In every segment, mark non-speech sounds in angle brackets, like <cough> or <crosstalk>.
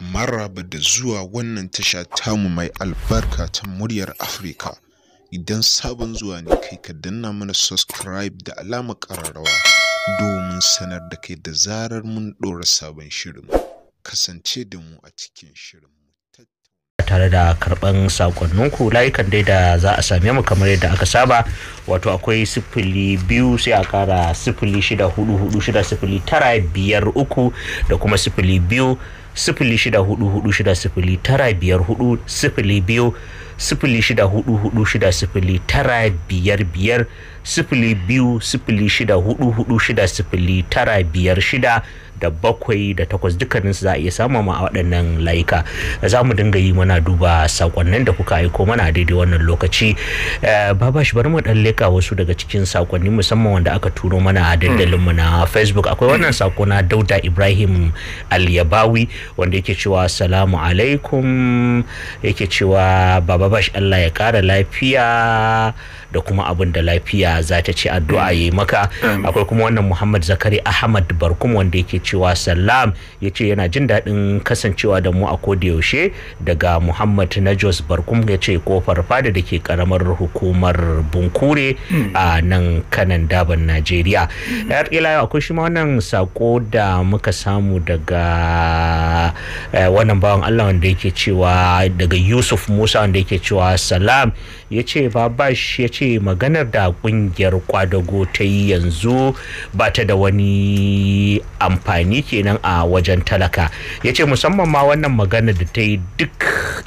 maraba da zuwa wannan tasha tamu mai albarka ta muryar Afirka. Idan sabon zuwa ne kai ka danna mana subscribe da alama kararrawa domin sanar da kai da zarar mun ɗora sabon shirin. Kasance da mu a cikin shirin. tare da karban sakonninku layukan dai da za a same mu kamar yadda aka saba wato akwai sifili biyu sai a kara sifili shida hudu hudu shida sifili tara biyar uku da kuma sifili biyu sifili shida hudu hudu shida sifili tara biyar hudu sifili biyu sifili shida hudu hudu shida sifili tara biyar biyar sifili biyu sifili shida hudu hudu shida sifili tara biyar shida da bakwai da takwas su za a iya samu ma a waɗannan layuka za mu dinga yi mana duba sakonnin da kuka aiko mana a daidai wannan lokaci eh, babashi bari mu ɗan leka wasu daga cikin sakonni musamman wanda aka turo mana a mu na facebook akwai wannan sako na dauda ibrahim alyabawi wanda yake cewa salamu alaikum yake cewa baba bashi allah ya kara lafiya da kuma abin da lafiya za ta ce addu'a mm. yi maka mm. akwai kuma wannan muhammad zakari ahmad barkum wanda yake cewa salam ya ce yana jin daɗin kasancewa da mu a yaushe daga muhammad najos barkum ya ce kofar fada da ke karamar hukumar bunkure mm. a nan kanan daban najeriya yar ila akwai shi ma wannan sako da muka samu daga eh, wannan bawan allah wanda yake cewa daga yusuf musa wanda yake cewa salam ya ce babash ya ce maganar da kungiyar kwadago ta yi yanzu ba ta da wani amfani kenan a wajen talaka ya ce musamman ma wannan magana da ta yi duk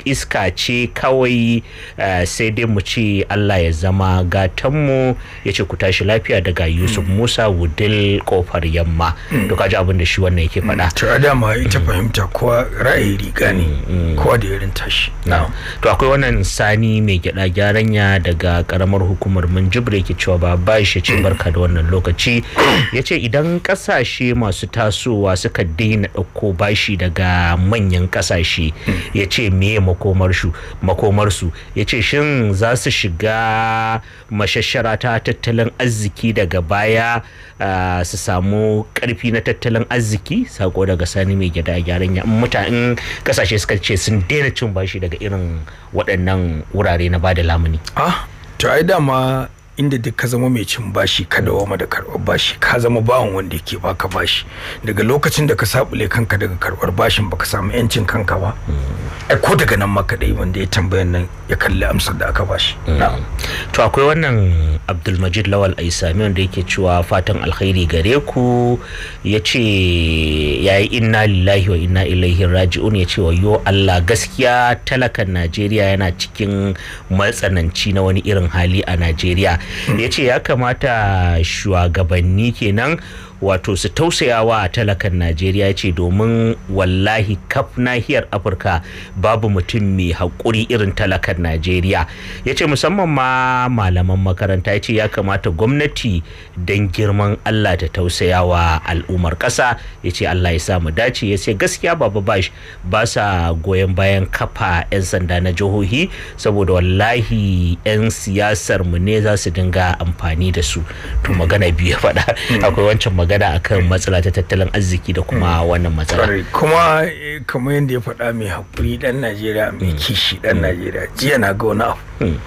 iska ce kawai eh, sai dai mu ce allah ya zama gatanmu ya ce ku tashi lafiya daga yusuf hmm. musa wudil kofar yamma hmm. to ji abin da shi wannan yake faɗa hmm. to adama ita fahimta kowa ra'ayi riga ne kowa da irin tashi to akwai wannan sani mai gyada Yaranya daga karamar hukumar minjibre ke cewa ba ba shi ce mm. barka da wannan lokaci. Ya ce idan kasashe masu tasowa suka daina ɗauko bashi daga manyan kasashe mm. ya ce meye makomarsu ya ce shin za su shiga mashashara ta tattalin arziki daga baya su samu karfi na tattalin arziki sako daga sani mai gida gyaran ya mutanen kasashe suka ce sun daina cin bashi daga irin waɗannan wurare na bada da mini ah to ai dama inda duk ka zama mai cin bashi ka ma da karbar bashi ka zama bawan wanda yake baka bashi daga lokacin da ka sabule kanka daga karɓar bashin baka samu yancin kanka ba ai ko daga nan maka dai wanda ya tambayan nan ya kalli amsar da aka bashi mm. to akwai wannan Abdulmajid Lawal Aisami wanda yake cewa fatan alkhairi gare ku yace yayi inna lillahi wa inna ilaihi raji'un yace wa yo Allah gaskiya talakan Najeriya yana cikin matsananci na wani irin hali a Najeriya ya ce ya kamata shugabanni kenan wato su tausayawa a talakan najeriya ce domin wallahi kaf nahiyar afirka babu mutum mai haƙuri irin talakan najeriya ya ce musamman ma malaman makaranta ya ce ya kamata gwamnati don girman allah ta tausayawa al'ummar ƙasa ya ce allah ya samu dace ya ce gaskiya baba bash ba sa goyon bayan kafa 'yan sanda na jihohi saboda wallahi 'yan siyasar mu ne za su dinga amfani da su to magana biyu faɗa hmm. akwai wancan magana akan eh. matsala ta tattalin arziki da kuma hmm. wannan matsala kuma eh, kamar yadda ya faɗa mai haƙuri ɗan najeriya mai hmm. kishi ɗan hmm. najeriya jiya na ga wani abu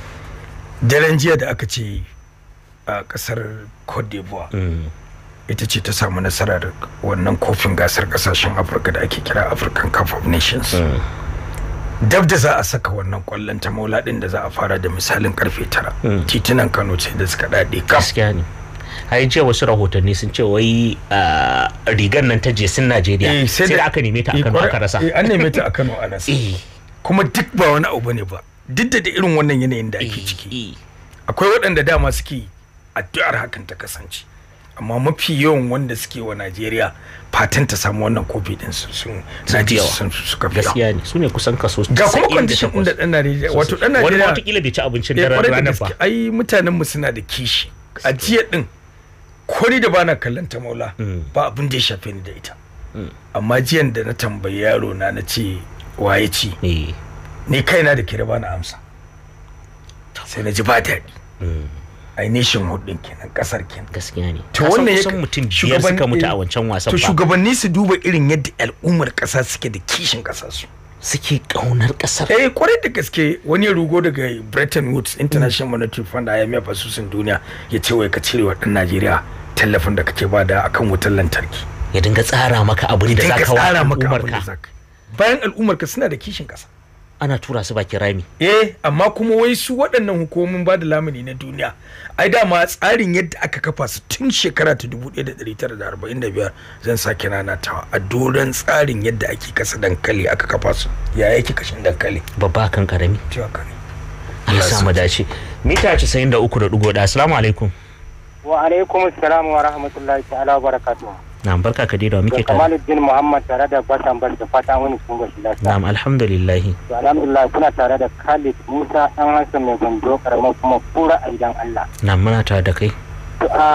daren jiya da aka ce a ƙasar cote d'ivoire ita ce ta samu nasarar wannan kofin gasar ƙasashen afirka da ake kira african cup of nations dab da za a saka wannan kwallon ta maula din da za a fara da misalin karfe tara titunan kano ce da suka daɗe kam ai jiya wasu rahotanni sun ce wai rigar nan ta jesin Najeriya eh, sai da aka neme ta a eh, Kano aka rasa eh, an neme ta a Kano a rasa kuma duk ba wani abu ne ba duk da irin wannan yanayin da ake ciki akwai waɗanda dama suke addu'ar hakan ta kasance amma mafi yawan wanda suke wa Najeriya fatan ta samu wannan kofi din sun sun suka fi gaskiya ne su ne kusan kaso ga kuma condition din da dan Najeriya wato dan Najeriya wani wata kila bai ci abincin daren ranar ba ai mutanen mu suna da kishi ajiya din ni da bana kallon ta maula mm. ba abin da ya shafe ni da ita mm. amma jiyan da na tambayi yaro na na ce waye ci eh. ni kaina da kira bana amsa sai na ji ba daɗi mm. ai nation hood din kenan kasar kenan gaskiya ne to wannan yakan mutum biyar suka mutu a wancan wasan ba. to shugabanni su duba irin yadda al'ummar kasa suke da kishin kasa su suke kaunar kasar eh kwarai da gaske wani rugo daga Bretton Woods International Monetary Fund IMF asusun duniya ya ce wai ka cire wa dan Najeriya tallafin da kake bada akan wutar lantarki ya dinga tsara maka abin da zaka wa al'ummarka bayan al'ummarka suna da kishin kasa ana tura su baki rami eh amma kuma wai su waɗannan hukumomin bada lamuni na duniya ai dama tsarin yadda aka kafa su tun shekara ta 1945 zan sake nanatawa a doron tsarin yadda ake kasa dankali aka kafa su ya yake kashin dankali babba kan karami ciwon kan Allah sa mu dace mita 93.1 assalamu alaikum wa alaikum salam wa rahmatullahi ta'ala wa barakatuh na'am barka ka da muke tare din Muhammad tare da Batan Bar da fatan wani sun ga shida na'am alhamdulillah to alhamdulillah kuna tare da Khalid Musa dan Hassan mai gondo karama kuma kura a gidan Allah na'am muna tare da kai to a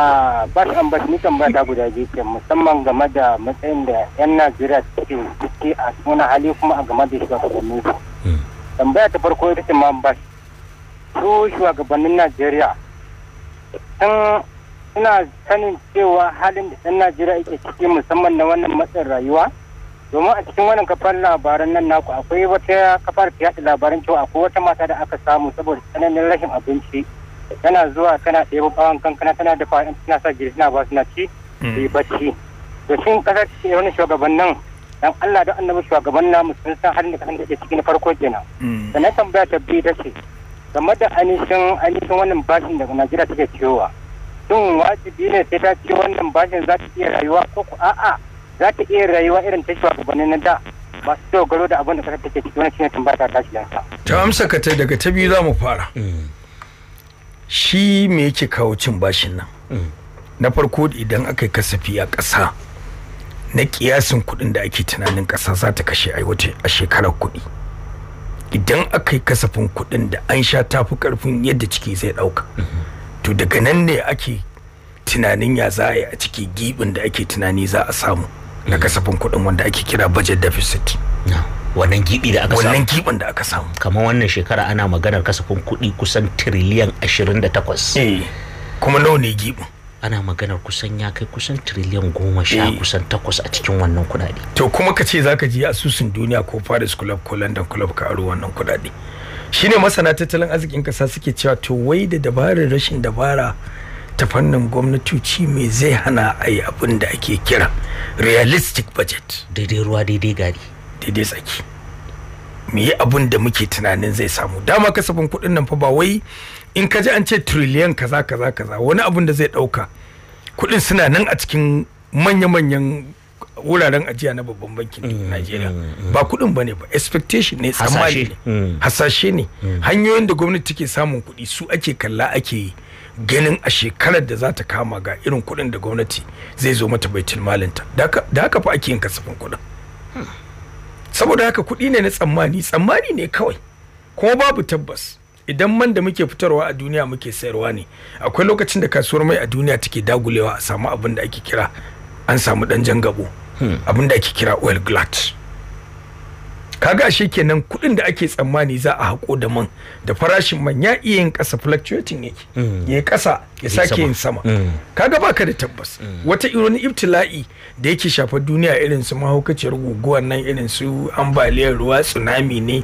Batan Bar ni tambaya ta guda biyu ke musamman game da matsayin da yan Najeriya suke suke a suna hali kuma a game da shugabanni hmm. tambaya ta farko ita ce ma ba su shugabannin Najeriya tun suna sanin cewa halin da ɗan Najeriya yake ciki musamman na wannan matsin rayuwa. Domin a cikin wannan kafar labaran nan naku akwai wata kafar ta yaɗa labaran cewa akwai wata mata da aka samu saboda tsananin rashin abinci. Tana zuwa tana ɗebo bawan kankana tana dafa tana sa jiri tana ba suna ci su yi mm. bacci. Da shin ƙasar wani nan. dan Allah da annabi shugaban namu sun san halin da kan da ciki na farko kenan. Da mm. na tambaya ta biyu ta ce game da anishin ainihin wannan bashin daga Najeriya take cewa. shin wajibi ne sai ta ce wannan bashin za ta iya rayuwa ko ku a'a za ta iya rayuwa irin ta shugabanni na da masu dogaro da abin da kasar take ciki wani shine tambaya ta tashi yansa. ta amsa ka ta daga ta biyu za mu fara mm. shi me yake kawo cin bashin nan mm. na farko idan aka yi kasafi a ƙasa na ƙiyasin kuɗin da ake tunanin ƙasa za ta kashe a a shekarar kuɗi idan aka yi kasafin kuɗin da an sha tafi ƙarfin yadda ciki zai ɗauka mm-hmm. to daga nan ne ake tunanin ya za a yi a ciki gibin da ake tunani za a samu na hmm. kasafin kuɗin wanda ake kira budget deficit wannan gibi da aka samu wannan gibin da aka samu kamar wannan shekara ana maganar kasafin kuɗi kusan tiriliyan 28 eh kuma nawa ne gibin ana maganar kusan ya kai kusan tiriliyan goma sha eh. kusan takwas a cikin wannan kudade. To kuma ka ce zaka je asusun duniya ko Paris Club ko London Club ka aro wannan kudade. shine masana tattalin arzikin kasa suke cewa to wai da dabarar rashin dabara ta fannin gwamnatoci me zai hana a yi abin da ake kira realistic budget daidai ruwa daidai gari daidai tsaki me yi abin da muke tunanin zai samu dama kasafin kuɗin nan fa ba wai in ka ji an ce trillion kaza kaza kaza wani abin da zai ɗauka kuɗin suna nan a cikin manya-manyan wuraren ajiya na babban bankin mm, Najeriya mm, mm. ba kuɗin bane ba expectation ne tsammani hasashe ne hanyoyin da gwamnati take samun kudi su ake kalla ake ganin a shekarar da za ta kama ga irin kuɗin da gwamnati zai zo mata bai tilmalinta da haka fa ake yin kasafin kuɗin saboda haka kudi ne na tsammani tsammani ne kawai kuma babu tabbas idan man da muke fitarwa a duniya muke sayarwa ne akwai lokacin da kasuwar mai a duniya take dagulewa a samu abin da ake kira an samu dan jan gabo abin da ake kira oil glut kaga shi kenan kuɗin da ake tsammani za a hako da man da farashin man ya iya yin ƙasa fluctuating yake mm. ya ƙasa ya sake yin sama mm. kaga baka da tabbas mm. wata irin ibtila'i da yake shafar duniya irin su mahaukaciyar guguwar nan irin su ambaliyar ruwa tsunami ne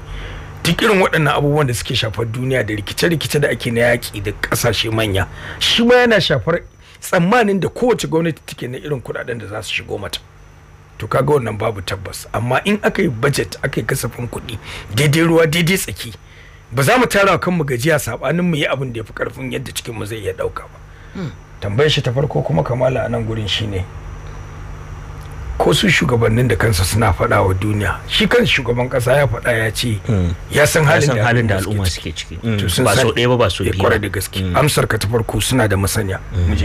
duk irin waɗannan abubuwan da suke shafar duniya da rikice-rikice da ake na yaƙi da ƙasashe manya shi ma yana shafar tsammanin da kowace gwamnati take na irin kuɗaɗen da za su shigo mata to kaga wannan babu tabbas amma in aka yi budget aka yi kasafin kuɗi daidai ruwa daidai tsaki ba za mu tara kan mu gajiya sabanin mu yi abin da ya fi karfin yadda cikin mu zai iya dauka ba hmm. tambayar shi ta farko kuma kamala a nan gurin shine ko su shugabannin da kansu suna faɗa wa duniya shi kan shugaban kasa ya faɗa ya ce hmm. ya san halin da al'umma suke ciki ba so ɗaya ba ba so eh, biyu da gaske hmm. amsar ka ta farko suna da masanya. Hmm. mu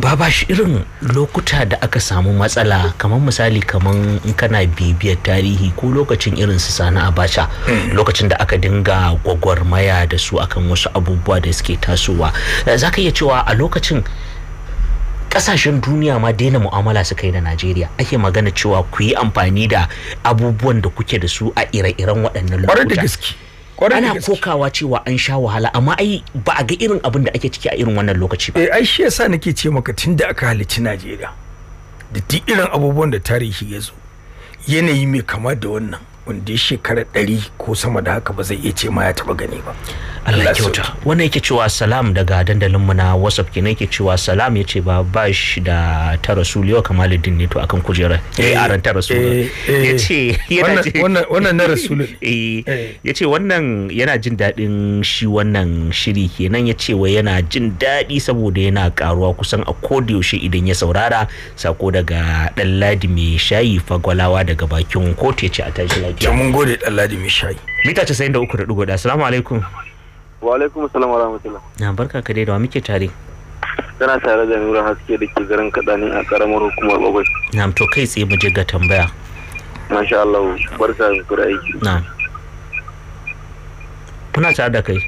ba eh, shi irin lokuta da aka samu matsala kamar misali kamar in kana bibiyar tarihi ko lokacin irin su sani abacha lokacin da aka dinga gwagwarmaya da su akan wasu abubuwa da suke tasowa eh, zaka iya cewa a lokacin kasashen duniya ma daina mu'amala suka yi da najeriya ake magana cewa ku yi amfani da abubuwan da kuke da su a ire-iren waɗannan lokuta ana kokawa cewa an sha wahala amma ai ba a ga irin abin da ake ciki a irin wannan lokaci ba eh, ai shi yasa nake ce maka tun da aka halici najeriya da duk irin abubuwan da tarihi ya zo yanayi mai kama da wannan wanda ya shekara ɗari ko sama da haka ba zai iya ce ma ya taɓa gani ba Allah kyauta wannan yake cewa salam daga dandalin mu na WhatsApp kenan yake cewa salam yace ba bash da ta rasul yau kamaluddin ne to akan kujerar eh, eh aran ta rasul eh, eh. yace wannan wannan na rasul <laughs> eh yace wannan yana jin dadin shi wannan shiri kenan yace wai yana jin dadi saboda yana karuwa kusan a yaushe idan ya saurara sako daga dan ladi mai shayi fagwalawa daga bakin kotu yace a tashi lafiya mun gode dan ladi mai shayi mita 93.1 assalamu alaikum wa alaikum salam wa rahmatullah na barka ka dai da muke tare tana tare da nura haske da ke garin kadani a karamar hukumar bagwai na to kai tsaye mu je ga tambaya masha Allah barka da kura aiki na kuna tare da kai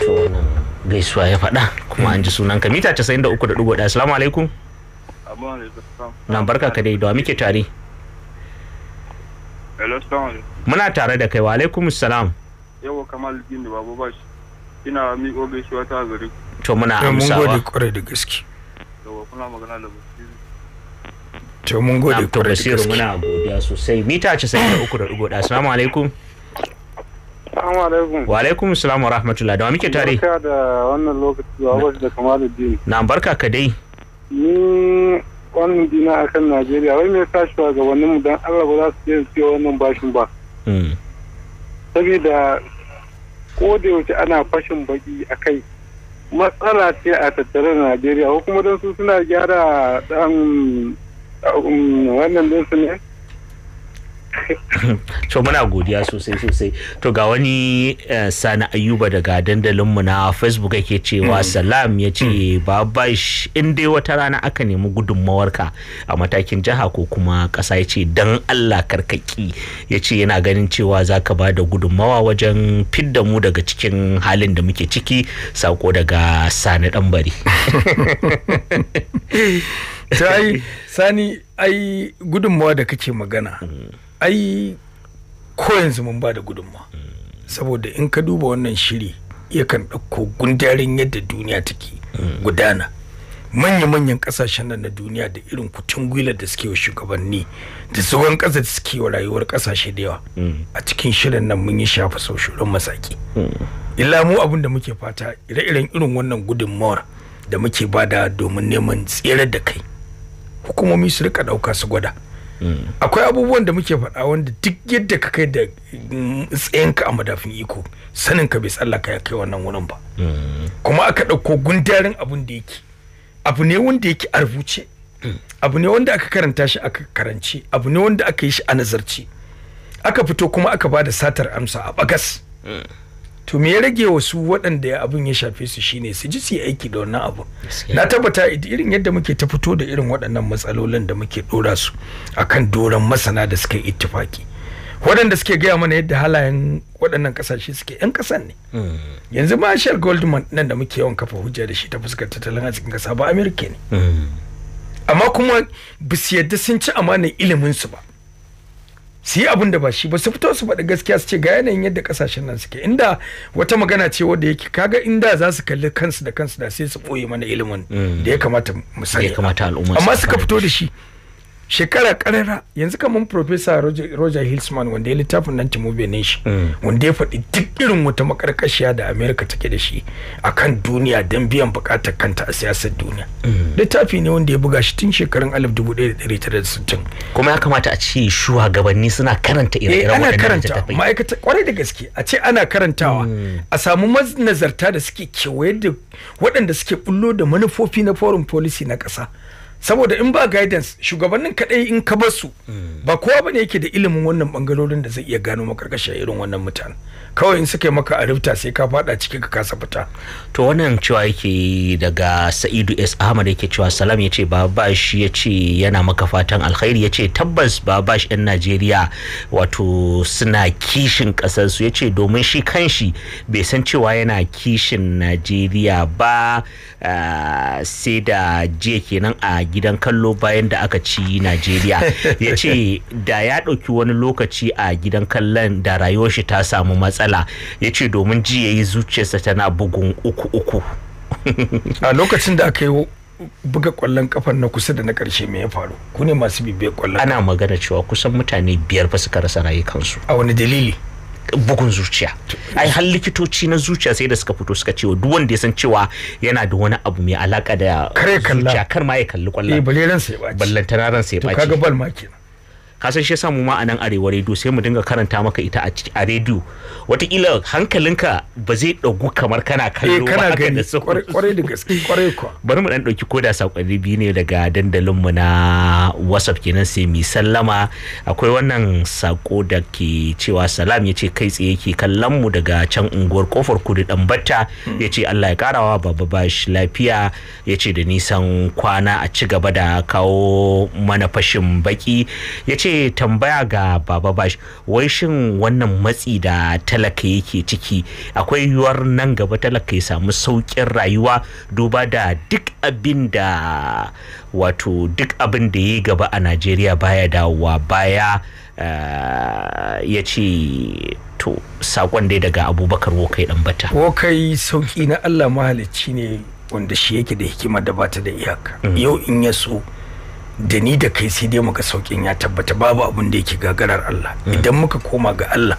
to wannan gaisuwa ya faɗa kuma an ji sunan sunanka mita 93.1 assalamu alaikum na barka ka dai da muke tare muna tare da kai wa alaikum salam yawa kamal din da babu bashi ina miƙo gaisuwa ta gare ku to muna amsawa mun gode kwarai da gaske yawa kuna magana da basiru to mun gode kwarai da gaske muna godiya sosai mita da assalamu alaikum Assalamu alaikum. Wa alaikum assalam wa rahmatullahi Da muke tare? Barka da wannan lokaci wa wasu da Kamaluddin. Na barka ka dai. Ni wannan dina akan Najeriya wai me yasa shugabanninmu dan Allah ba za su je su wannan bashin ba. Hmm. saboda ko da yaushe ana fashin baki a kai matsala ce a tattare da najeriya ko kuma don su suna gyara um, wannan dinsu ne to muna godiya sosai sosai to ga wani eh, sani ayuba daga dandalinmu na facebook yake cewa mm. salam ya ce mm. babash in dai wata rana aka nemi gudunmawarka a matakin jiha ko kuma ƙasa ya ce don allah karkaki ya ce yana ganin cewa za ka ba da gudunmawa wajen fidda mu daga cikin halin da muke ciki sako daga sani ɗanbari <laughs> sani ai gudunmawa da kake magana mm. ai ko yanzu mun ba da gudunma saboda in ka duba wannan shiri yakan ɗauko gundarin yadda duniya take gudana manya-manyan kasashen nan na duniya da irin kucin gwilar da suke wa shugabanni da tsohon kasa da suke wa rayuwar ƙasashe da yawa a cikin shirin nan mun yi shafa sau shirin masaki illa mu abin da muke fata ire-iren irin wannan gudunmawar da muke bada domin neman tsere da kai hukumomi su rika ɗauka su gwada akwai abubuwan da muke faɗa wanda duk yadda ka kai da mm, tsayinka a madafin iko sanin ka bai tsalla ya kai wannan wurin ba kuma aka ɗauko gundarin abun da yake abu ne wanda yake a rubuce abu ne wanda aka karanta shi aka karance abu ne wanda aka yi shi a nazarci aka fito kuma aka ba da satar amsa a bagas to me ya rage wasu waɗanda abin ya shafe su shine su ji su yi aiki da wannan abu na tabbata irin yadda muke ta fito da irin waɗannan matsalolin da muke ɗora su akan doron masana da suka yi ittifaki waɗanda suke gaya mana yadda halayen waɗannan ƙasashe suke 'yan ƙasan ne mm. yanzu marshall goldman nan da muke yawan kafa hujja da shi ta fuskar tattalin arzikin ƙasa ba amerika ne mm. amma kuma bisiyar da sun ci amanar ilimin su ba su yi abin da ba shi ba su fito su faɗi gaskiya su ce ga yanayin yadda kasashen nan suke inda wata magana ce wadda yake kaga inda za su kalli kansu da kansu da sai su ɓoye mana ilimin mm. da ya kamata mu sani amma suka fito da shi shekara karara yanzu kamar professor roger, roger hilsman wanda ya littafin nan timo shi mm. wanda ya faɗi duk irin wata makarkashiya da america take da shi akan duniya don biyan bukatar kanta a siyasar duniya mm. littafi ne wanda ya buga shi tun shekarun 1960 kuma ya kamata a ce shugabanni suna karanta irin eh, ana karanta ma'aikata kwarai da gaske a ce ana karantawa mm. a samu manazarta da suke kewaye da waɗanda suke bullo da manufofi na foreign policy na ƙasa saboda in ba guidance shugabannin kadai in ka basu ba kowa bane yake da ilimin wannan bangarorin da zai iya gano makarkashin irin wannan mutane kawai in suka yi maka a rubuta sai ka fada ciki ka kasa fita to wannan cewa yake daga sa'idu s ahmad yake cewa salam yace baba shi yace yana maka fatan alkhairi yace tabbas baba shi yan najeriya wato suna kishin kasar su yace domin shi kanshi bai san cewa yana kishin najeriya ba ah, sai da je kenan a gidan kallo bayan da aka ci najeriya <laughs> ya ce da ya ɗauki wani lokaci a gidan kallon da rayuwar shi ta samu matsala ya ce domin ji ya yi zuciyarsa tana bugun uku uku a lokacin da aka yi buga kwallon kafan na kusa da na karshe me ya faru ku masu bibiyar kwallon ana magana cewa kusan mutane biyar fa suka rasa rayukansu a wani dalili bugun zuciya ai har likitoci na zuciya sai da suka fito suka cewa duk wanda ya san cewa yana da wani abu mai alaka da zuciya kar ma ya kalli kwallon eh bale ran sai ya ballantana ran sai ya baci to kaga bal ma kenan san shi yasa ma a nan arewa rediyo sai mu dinga karanta maka ita a rediyo watakila hankalinka ba zai dauku kamar kana eh, kallo ba kana gani kwarai da gaske kwarai kwa bari mu dan ɗauki koda sakonni biyu ne daga dandalin mu na whatsapp kenan sai mi sallama akwai wannan sako da ke cewa salam yace kai tsaye ke kallon mu daga can unguwar kofar kudu dan batta yace Allah ya karawa baba bashi lafiya yace da nisan kwana a ci gaba da kawo mana fashin baki yace ce tambaya ga baba bash wai shin wannan matsi da talaka yake ciki akwai yiwuwar nan gaba talaka ya samu saukin rayuwa duba da duk abin da wato duk abin da ya gaba a najeriya baya dawowa baya eh, ya ce to sakon dai daga abubakar wokai dan bata wokai sauki na allah mahalicci ne wanda shi yake da hikima da bata da iyaka mm. yau in ya so da ni da kai sai dai muka saukin ya tabbata babu abun da yake gagarar Allah mm. idan muka koma ga Allah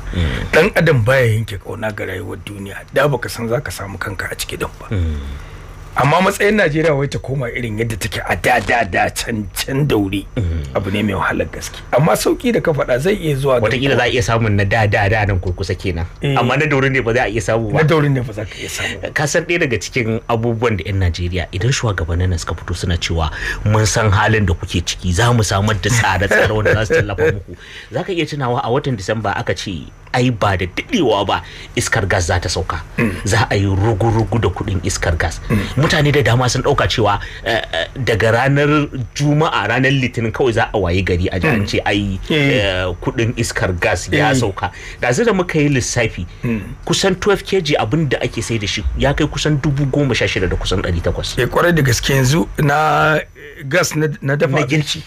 dan mm. adam baya yanke kauna ga rayuwar duniya da baka san zaka samu kanka a ciki din ba mm. amma matsayin najeriya wai ta koma irin yadda take a da da da can can daure mm. abu ne mai wahalar gaske amma sauki da ka faɗa zai iya zuwa watakila za a iya samun na da da da nan kurkusa kenan eh. amma na daure ne ba za a iya samu ba na daure ne ba za ka iya samu ka san ɗaya daga cikin abubuwan da 'yan najeriya idan shugabannin nan suka fito suna cewa mun san halin da kuke ciki za mu samar da tsare-tsare wanda za su tallafa <laughs> muku za ka iya tunawa a watan disamba aka ce ai ba da dadewa ba iskar gas za ta sauka mm. za a yi rugu-rugu da kuɗin iskar gas mm. mutane da dama sun ɗauka cewa eh, eh, daga ranar juma'a ranar litinin kawai za a waye gari a jihar ce ai hmm. eh, kudin iskar gas ya sauka ga da muka yi lissafi hmm. kusan 12 kg abin da ake sai da shi ya kai kusan dubu goma sha shida da kusan ɗari takwas. ya kwarai da gaske yanzu na gas na dafa na girki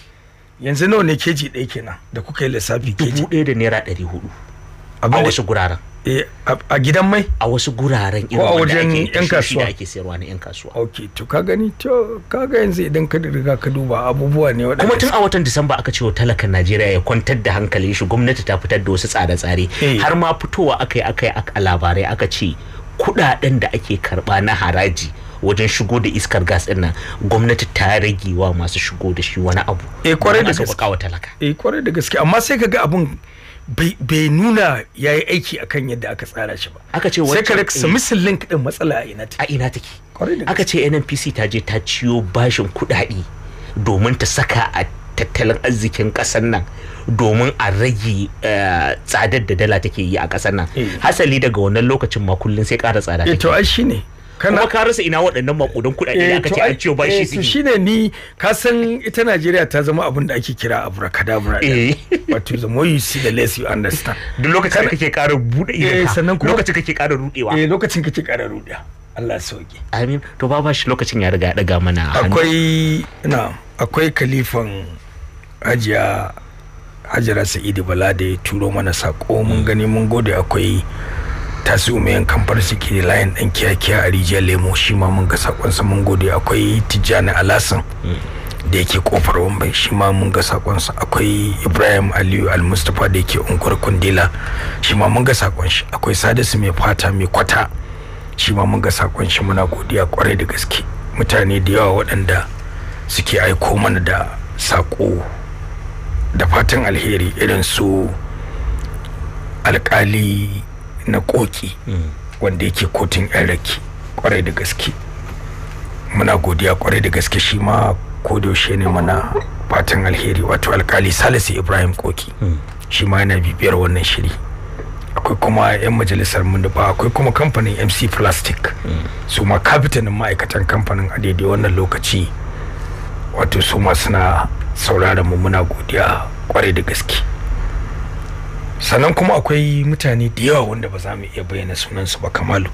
yanzu nawa ne keji ɗaya kenan da kuka yi lissafi keji dubu ɗaya da naira ɗari hudu a wasu guraren Eh, a gidan mai a wasu guraren irin wanda ake yan kasuwa ake sayarwa na yan kasuwa ok to ka gani to ka kaga yanzu idan ka riga ka duba abubuwa ne wadanda kuma tun a watan disamba aka ce wa talakan najeriya ya kwantar da hankalin shi gwamnati ta fitar da wasu tsare-tsare eh. har ma fitowa akai akai a labarai aka ce kudaden da ake karba na haraji wajen shigo da iskar gas din nan gwamnati ta rage wa masu shigo da shi wani abu eh kwarai da gaske eh kwarai da gaske amma sai kaga abun bai nuna ya yi aiki akan yadda aka tsara shi ba aka ce sai ka riksa eh. link din matsala a ina a ina take aka ce nnpc ta je ta ciyo bashin kuɗaɗe domin ta saka a tattalin arzikin ƙasar nan domin a rage eh, tsadar da dala take yi a ƙasar nan eh. hasali daga wannan lokacin ma kullum sai kara tsada to ai shine kuma ka rasa ina waɗannan makudan kuɗaɗe da eh, aka ce an ciyo ba shi eh, su shine ni ka san ita Najeriya ta zama abin da ake kira abracadabra but eh. the more you see the less you understand duk lokacin kake ƙara buɗe idan sannan kuma lokacin kake ƙara rudewa eh lokacin kake ƙara rudewa Allah sauke amin to ba shi lokacin ya riga ya daga mana akwai na akwai kalifan hajiya hajara sa'idi bala da ya turo mana sako mun hmm. gani mun gode akwai tasiu yan kamfar farsiki da layin dan kiyakiya a rijiyar lemo shi ma mun ga sakonsa mun gode akwai tijjani alasan da yake kofar wambai shi ma mun ga sakonsa akwai ibrahim aliyu almustapha da yake unguwar kundila shi ma mun ga sakon shi akwai sadisu mai fata mai kwata shi ma mun ga sakon shi muna godiya kwarai da gaske mutane da yawa waɗanda suke aiko mana da sako da fatan alheri irin su alkali na koki mm. wanda yake kotun yan kwarai da gaske muna godiya kwarai da gaske shi ma kodaushe ne mana fatan alheri wato alkali salisu ibrahim koki mm. shi ma yana bibiyar wannan shiri akwai kuma 'yan majalisar munduba akwai kuma kamfanin mc plastic mm. su ma kafitanin ma'aikatan kamfanin a daidai wannan lokaci wato su ma suna sauraron mu muna godiya kwarai da gaske sannan kuma akwai mutane da yawa wanda ba za mu iya bayyana sunansu ba kamalu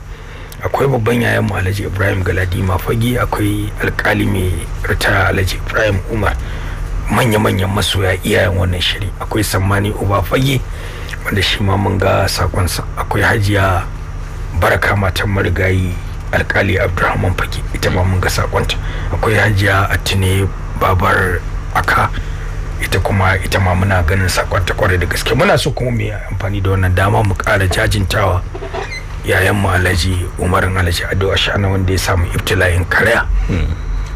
akwai babban yayan mu alhaji ibrahim galadi mafagi akwai alkali mai rita alhaji ibrahim umar manya-manyan masoya iyayen wannan shiri akwai sammani uba fage wanda shi ma mun ga sakonsa akwai hajiya baraka matan marigayi alkali abdurrahman fage ita ma mun ga sakonta akwai hajiya atine babar aka ita kuma ita ma muna ganin sakwata kwarai da gaske muna so kuma mu amfani da wannan dama mu kara jajintawa yayan mu alhaji umarin alhaji ado ashana wanda ya samu ibtila'in karya hmm.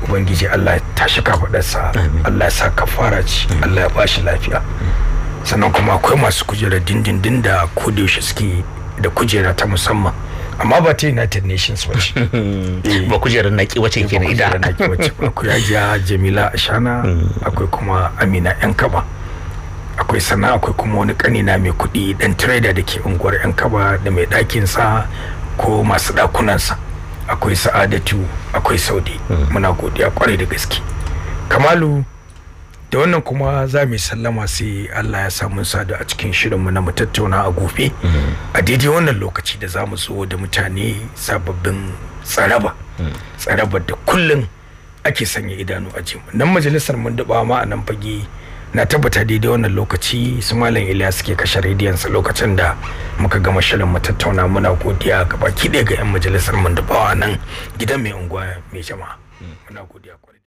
ubangiji allah ya tashi kafaɗarsa allah ya sa kafara ci hmm. allah ya bashi lafiya hmm. sannan kuma akwai masu kujerar dindindin da kodiyoshi suke da kujera ta musamman amma ba ta united nations ba shi. <laughs> Eh. ba kujerar naki wace ke na ida akwai hajiya jamila ashana <laughs> hmm. akwai kuma amina yan kaba akwai sana akwai kuma wani kanina mai kuɗi dan trader da ke unguwar yan kaba da mai ɗakin sa ko masu ɗakunansa akwai sa'adatu akwai saudi hmm. muna godiya kwarai da gaske kamalu da wannan kuma za mu sallama sai Allah ya samu sadu a cikin shirinmu na mutattauna a gobe a daidai wannan lokaci da za mu zo da mutane sababbin tsaraba tsaraba da kullum ake sanya idanu a jimu nan majalisar mun daba ma a nan fage na tabbata daidai wannan lokaci su malam iliya suke kashe rediyonsa lokacin da muka gama shirin mu tattauna muna godiya ga baki ɗaya ga 'yan majalisar mun a nan gidan mai unguwa mai jama'a muna godiya